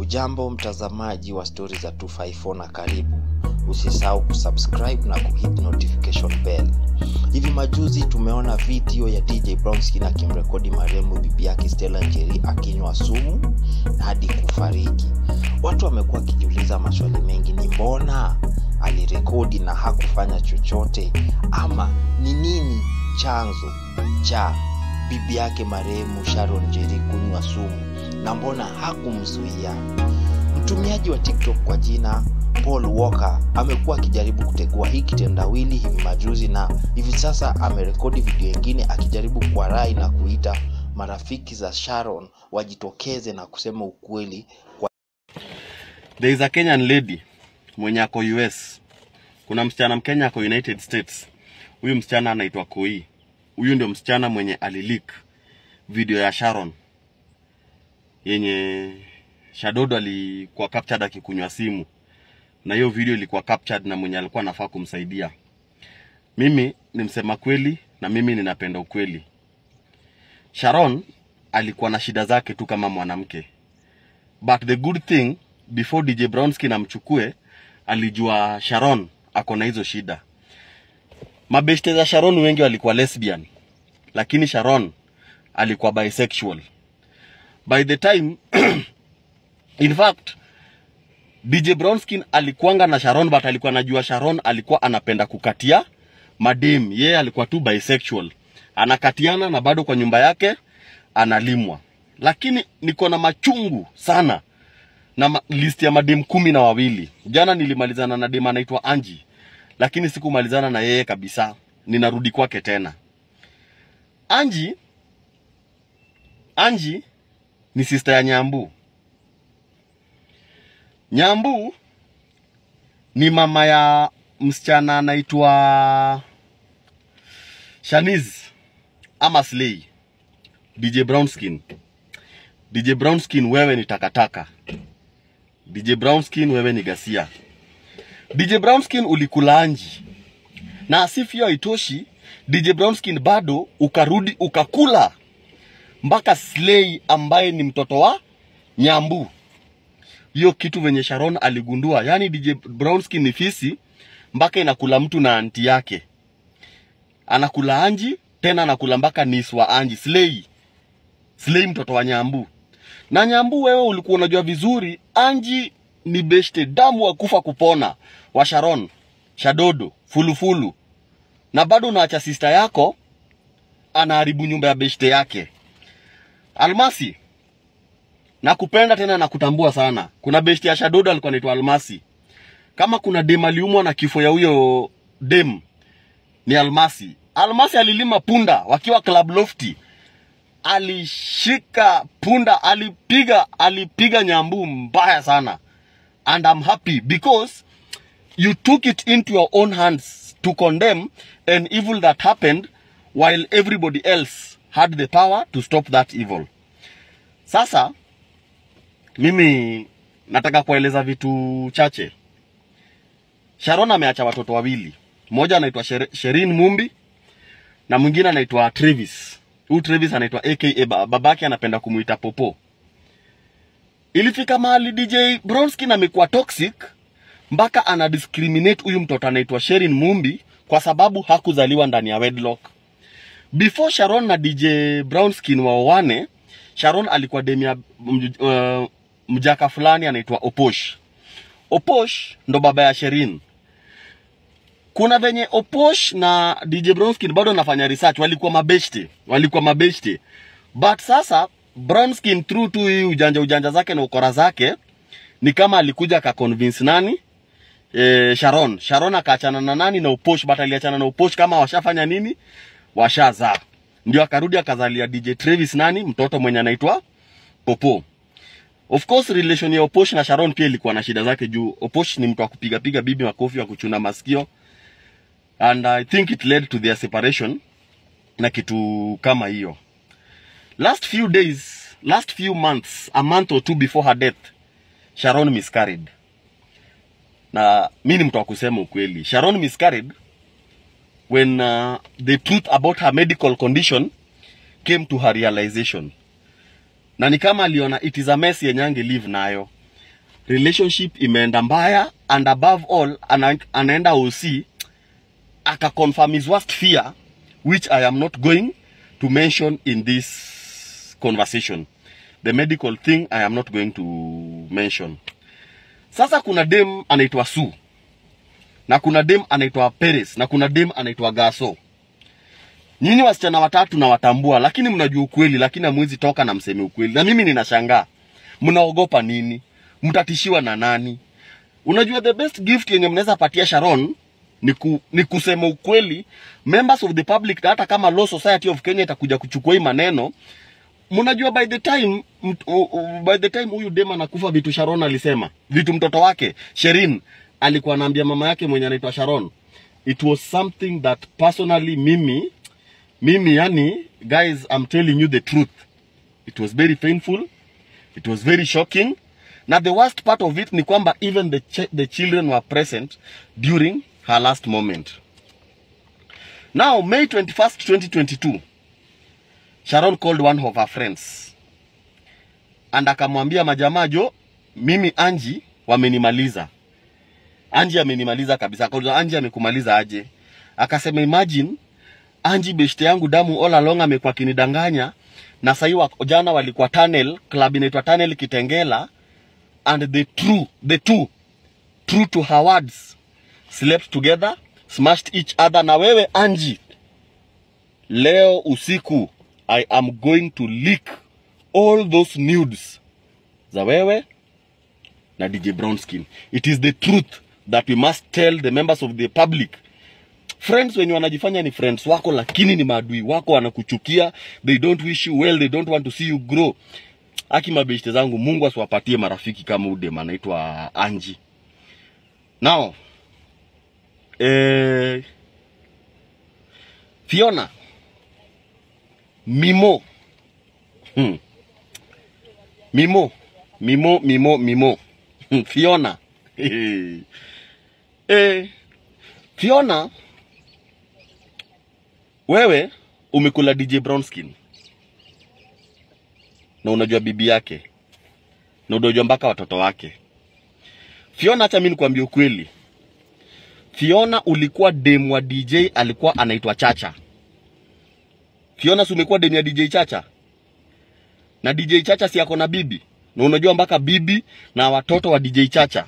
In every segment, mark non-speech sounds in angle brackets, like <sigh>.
Ujambo mtazamaji wa stori za 254 na karibu. Usisahau kusubscribe na kuhit notification bell. Hivi majuzi tumeona video ya DJ Brownski akimrekodi marehemu bibi yake Stella Njeri akinywa sumu hadi kufariki. Watu wamekuwa wakijiuliza maswali mengi, ni mbona alirekodi na hakufanya chochote, ama ni nini chanzo cha bibi yake marehemu Sharon Njeri kunywa sumu na mbona hakumzuia? Mtumiaji wa TikTok kwa jina Paul Walker amekuwa akijaribu kutegua hii kitendawili hivi majuzi na hivi sasa amerekodi video nyingine akijaribu kwa rai na kuita marafiki za Sharon wajitokeze na kusema ukweli kwa... There is a Kenyan lady mwenye ako US. Kuna msichana Mkenya ako United States. Huyu msichana anaitwa Koi. Huyu ndio msichana mwenye alilik video ya Sharon yenye Shadodo alikuwa captured akikunywa simu, na hiyo video ilikuwa captured na mwenye alikuwa anafaa kumsaidia. Mimi ni msema kweli na mimi ninapenda ukweli. Sharon alikuwa na shida zake tu kama mwanamke, but the good thing before DJ Brownski namchukue alijua Sharon ako na hizo shida. Mabeshte za Sharon wengi walikuwa lesbian, lakini Sharon alikuwa bisexual by the time <clears throat> in fact DJ Bronskin alikuanga na Sharon but alikuwa anajua Sharon alikuwa anapenda kukatia madim. Yeye alikuwa tu bisexual, anakatiana na bado kwa nyumba yake analimwa. Lakini niko na machungu sana na ma list ya madim kumi na wawili. Jana nilimalizana na dem anaitwa Anji, lakini sikumalizana na yeye kabisa. Ninarudi kwake tena. Anji Anji ni sister ya Nyambu. Nyambu ni mama ya msichana anaitwa Shaniz ama Slay, DJ Brownskin. DJ Brownskin, wewe ni takataka. DJ Brownskin, wewe ni gasia. DJ Brownskin, ulikula anji na asifu itoshi, DJ Brownskin bado ukarudi ukakula mpaka Slay ambaye ni mtoto wa Nyambu. Hiyo kitu venye Sharon aligundua, yani DJ Brownskin ni fisi mpaka inakula mtu na anti yake, anakula Anji tena anakula mpaka nis wa Anji Slay. Slay mtoto wa Nyambu. Na Nyambu, wewe ulikuwa unajua vizuri Anji ni beshte damu wa kufa kupona wa Sharon, Shadodo, Fulufulu, na bado unaacha sista yako anaharibu nyumba ya beshte yake. Almasi, nakupenda tena nakutambua sana. Kuna besti ya Shadodo alikuwa anaitwa Almasi. Kama kuna dem aliumwa na kifo ya huyo dem ni Almasi. Almasi alilima punda wakiwa Club Lofty, alishika punda, alipiga alipiga nyambu mbaya sana, and I'm happy because you took it into your own hands to condemn an evil that happened while everybody else had the power to stop that evil. Sasa mimi nataka kueleza vitu chache. Sharon ameacha watoto wawili, mmoja anaitwa Sherin Mumbi na mwingine anaitwa Travis. Huyu Travis anaitwa aka babake anapenda kumuita Popo. Ilifika mahali DJ Bronskin amekuwa toxic mpaka ana discriminate huyu mtoto anaitwa Sherin Mumbi kwa sababu hakuzaliwa ndani ya wedlock. Before Sharon na DJ Brownskin waoane, Sharon alikuwa demia uh, eh, mjaka fulani anaitwa Oposh. Oposh ndo baba ya Sherin. Kuna venye Oposh na DJ Brownskin bado nafanya research, walikuwa mabeshte, walikuwa mabeshte. But sasa Brownskin through tu hii ujanja ujanja zake na ukora zake ni kama alikuja akaconvince nani? E, Sharon. Sharon akaachana na nani na Oposh, but aliachana na Oposh kama washafanya nini? washazaa. Ndio akarudi akazalia DJ Travis nani mtoto mwenye anaitwa Popo. Of course relation ya Oposh na Sharon pia ilikuwa na shida zake juu Oposh ni mtu wa kupiga piga bibi makofi wa kuchuna masikio and I think it led to their separation na kitu kama hiyo. Last few days, last few months, a month or two before her death, Sharon miscarried. Na mimi ni mtu wa kusema ukweli, Sharon miscarried when uh, the truth about her medical condition came to her realization na ni kama aliona it is a mess yenye angelive nayo relationship imeenda mbaya and above all ana, anaenda osi confirm his worst fear which i am not going to mention in this conversation the medical thing i am not going to mention sasa kuna dem anaitwa Sue na kuna dem anaitwa Perez na kuna dem anaitwa Gaso. Nyinyi wasichana watatu na watambua, lakini mnajua ukweli, lakini hamwezi toka na mseme ukweli, na mimi ninashangaa mnaogopa nini? Mtatishiwa na nani? Unajua, the best gift yenye mnaweza patia Sharon ni, ku, ni kusema ukweli members of the public, na hata kama Law Society of Kenya itakuja kuchukua hii maneno. Mnajua by the time mt, uh, uh, by the time huyu dema anakufa, vitu Sharon alisema, vitu mtoto wake Sherin alikuwa anaambia mama yake mwenye anaitwa Sharon, it was something that personally mimi mimi, yani guys, I'm telling you the truth, it was very painful, it was very shocking na the worst part of it ni kwamba even the, ch the children were present during her last moment. Now May 21st 2022 Sharon called one of her friends and akamwambia majamaa, jo, mimi Anji wamenimaliza Anji amenimaliza kabisa. Akauliza Anji amekumaliza aje? Akasema imagine Anji beshte yangu damu all along amekuwa kinidanganya na sahii wa, jana walikuwa tunnel club inaitwa tunnel Kitengela and the true the two true to her words slept together smashed each other. Na wewe Anji, leo usiku I am going to leak all those nudes za wewe na DJ Brownskin. It is the truth that we must tell the members of the public friends wenye wanajifanya ni friends wako lakini ni maadui wako wanakuchukia they don't wish you well they don't want to see you grow aki mabeshte zangu mungu asiwapatie marafiki kama udem anaitwa anji now eh, fiona mimo hmm. mimo mimo mimo mimo <laughs> fiona <laughs> E, Fiona wewe umekula DJ Brownskin na unajua bibi yake na unajua mpaka watoto wake. Fiona, acha mimi nikwambie ukweli. Fiona, ulikuwa demu wa DJ alikuwa anaitwa Chacha. Fiona, si umekuwa demu ya DJ Chacha? Na DJ Chacha si yako na bibi, na unajua mpaka bibi na watoto wa DJ Chacha.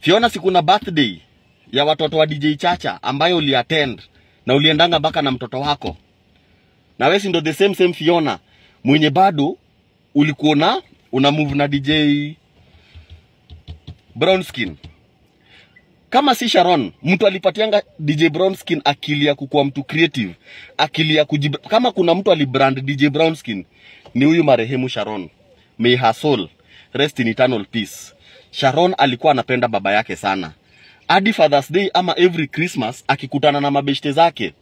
Fiona, si kuna birthday ya watoto wa DJ Chacha ambayo uliattend na uliendanga baka na mtoto wako, na wewe si ndo the same same Fiona mwenye bado ulikuona una move na DJ Brown Skin. Kama si Sharon, mtu alipatianga DJ Brown Skin akili ya kukuwa mtu creative, akili ya kujib... kama kuna mtu alibrand DJ Brown Skin ni huyu marehemu Sharon. May her soul rest in eternal peace. Sharon alikuwa anapenda baba yake sana. Hadi Father's Day ama every Christmas akikutana na mabeshte zake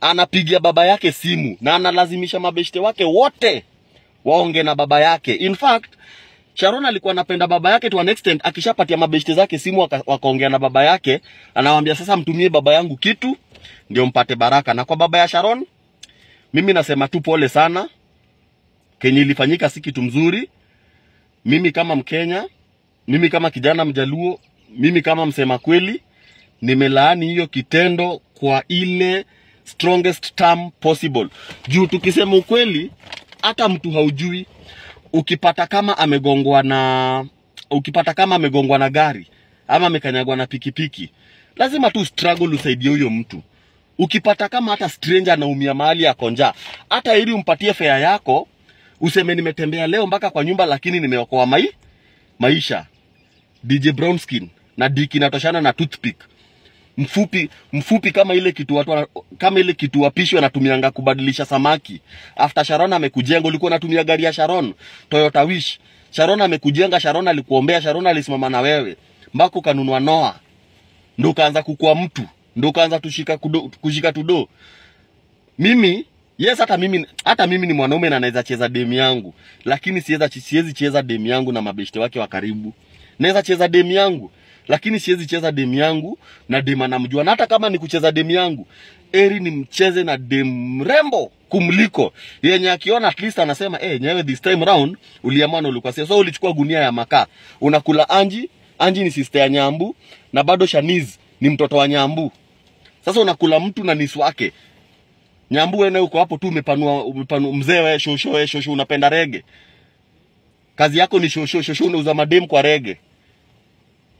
anapigia baba yake simu na analazimisha mabeshte wake wote waonge na baba yake. In fact, Sharon alikuwa anapenda baba yake to an extent, akishapatia mabeshte zake simu wakaongea waka na baba yake, anawaambia sasa, mtumie baba yangu kitu ndio mpate baraka. Na kwa baba ya Sharon, mimi nasema tu pole sana, kenye ilifanyika si kitu mzuri. Mimi kama Mkenya mimi kama kijana Mjaluo, mimi kama msema kweli, nimelaani hiyo kitendo kwa ile strongest term possible, juu tukisema ukweli, hata mtu haujui ukipata kama amegongwa na ukipata kama amegongwa na gari ama amekanyagwa na pikipiki, lazima tu struggle usaidie huyo mtu. Ukipata kama hata stranger anaumia mahali yako njaa, hata ili umpatie fare yako, useme nimetembea leo mpaka kwa nyumba, lakini nimeokoa mai maisha DJ Brown Skin na diki natoshana na toothpick mfupi mfupi kama ile kitu watu kama ile kitu wapishi wanatumianga kubadilisha samaki. After Sharon amekujenga, ulikuwa unatumia gari ya Sharon Toyota Wish. Sharon amekujenga, Sharon alikuombea, Sharon alisimama na wewe Mbako kanunua Noa, Ndio kaanza kukua mtu, ndio kaanza tushika kudo, kushika tudo. Mimi yes, hata mimi hata mimi ni mwanaume na naweza cheza demu yangu, lakini siweza siwezi cheza demu yangu na mabeshte wake wa karibu. Naweza cheza demu yangu, lakini siwezi cheza demu yangu na demu anamjua. Na hata kama ni kucheza demu yangu, eri ni mcheze na demu mrembo kumliko yenye akiona, at least anasema eh, nyewe this time round uliamua na ulikuwa sasa. So ulichukua gunia ya makaa, unakula anji anji. Ni sister ya Nyambu na bado Shaniz ni mtoto wa Nyambu. Sasa unakula mtu na nisu wake Nyambu, wewe uko hapo tu umepanua, umepanua mzee wewe, shosho wewe, shosho unapenda rege Kazi yako ni shosho shosho, unauza madem kwa rege.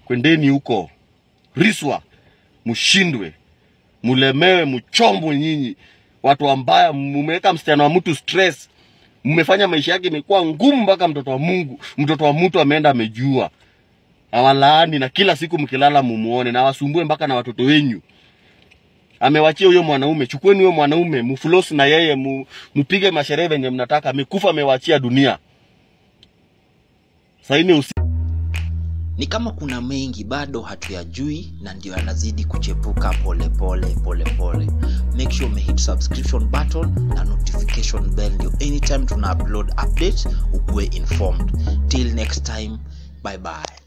Kwendeni huko Riswa, mshindwe, mulemewe, mchombo nyinyi watu ambaya, mmeweka msichana wa mtu stress, mmefanya maisha yake imekuwa ngumu, mpaka mtoto wa Mungu, mtoto wa mtu ameenda amejua awalaani na kila siku mkilala mumuone na wasumbue mpaka na watoto wenyu. Amewachia huyo mwanaume, chukueni huyo mwanaume mfulosi na yeye, mupige masherehe venye mnataka. Amekufa, amewachia dunia saini usi... Ni kama kuna mengi bado hatuyajui na ndio yanazidi kuchepuka polepole polepole. Make sure umehit subscription button na notification bell ndio anytime tuna upload update ukuwe informed. Till next time, bye bye.